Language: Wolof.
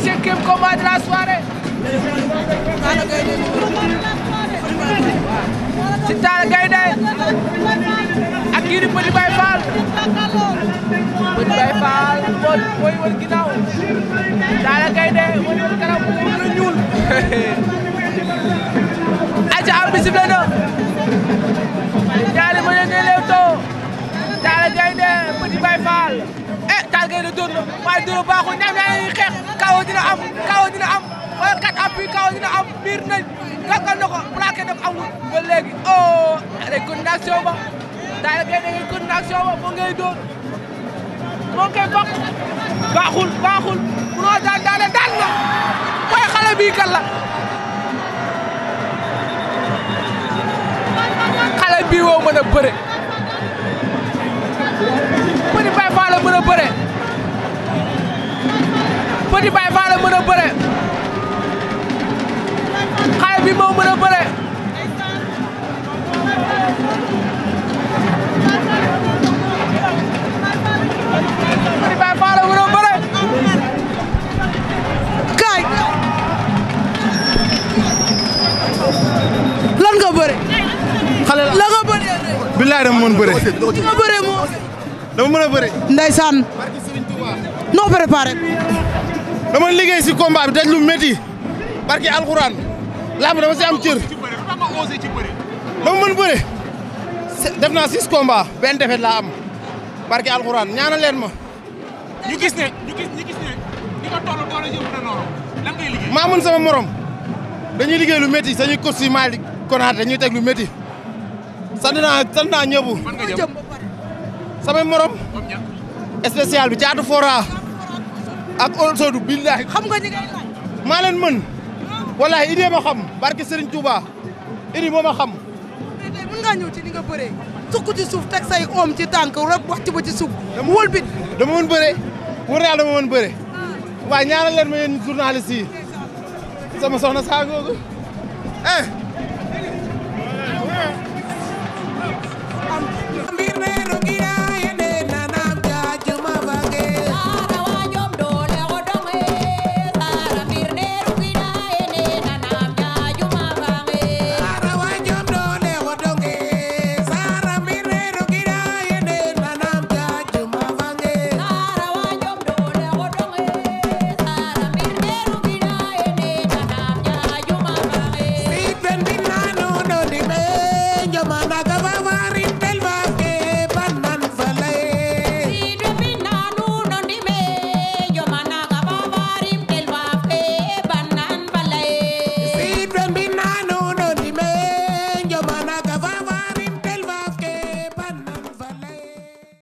cinquième combat de la soirée. si Talla Gaindé ak kii di Petit Baye Fall Petit Baye Fall mooy mooy woon ginnaaw Talla Gaindé mooy woon kanam mu ñuul. ayca arbitre bi sifflé na. eh Talla Gaindé dóor na waaye dóor baaxul ñaar ñaar ñuy xeex kaw dina am kaw dina am wala kat am bi kaw dina am biir nañ gàkkal na ko plaqué daf amul ba léegi oh rek condamnation ba Talla Gaindé rek condamnation ba moo ngay dóor moo koy bokk baaxul baaxul munoo daan daale daan na waaye xale bii kan la xale bii woo moo mën bëre lan nga bëre xale la nga bëre billaay dama nga bëre moo dama mën a bëre ndeysaan noo liggéey si combat bi daj lu métti barki làmb dama si am cër. dama mën bëre. def naa six combats benn defet laa am barke alxuraan ñaanal leen ma. ñu maa mën sama morom dañuy liggéey lu métti sañuy costume Malick Konaté dañuy teg lu métti sant naa morom. spécial bi jaatu fora ak Ousseydou billahi maa leen mën. wallaahi idée ma xam barke Serigne Touba idée moo ma xam. mais tey mën ngaa ñëw ci ni nga bëree sukk ci suuf teg say oom ci tànk rek wàcc ba ci suuf. dama wël bit dama mën bëree wër yàlla dama mën bëree. Ah. waaye ñaanal leen ma yéen journaliste yi sama soxna saa googu eh.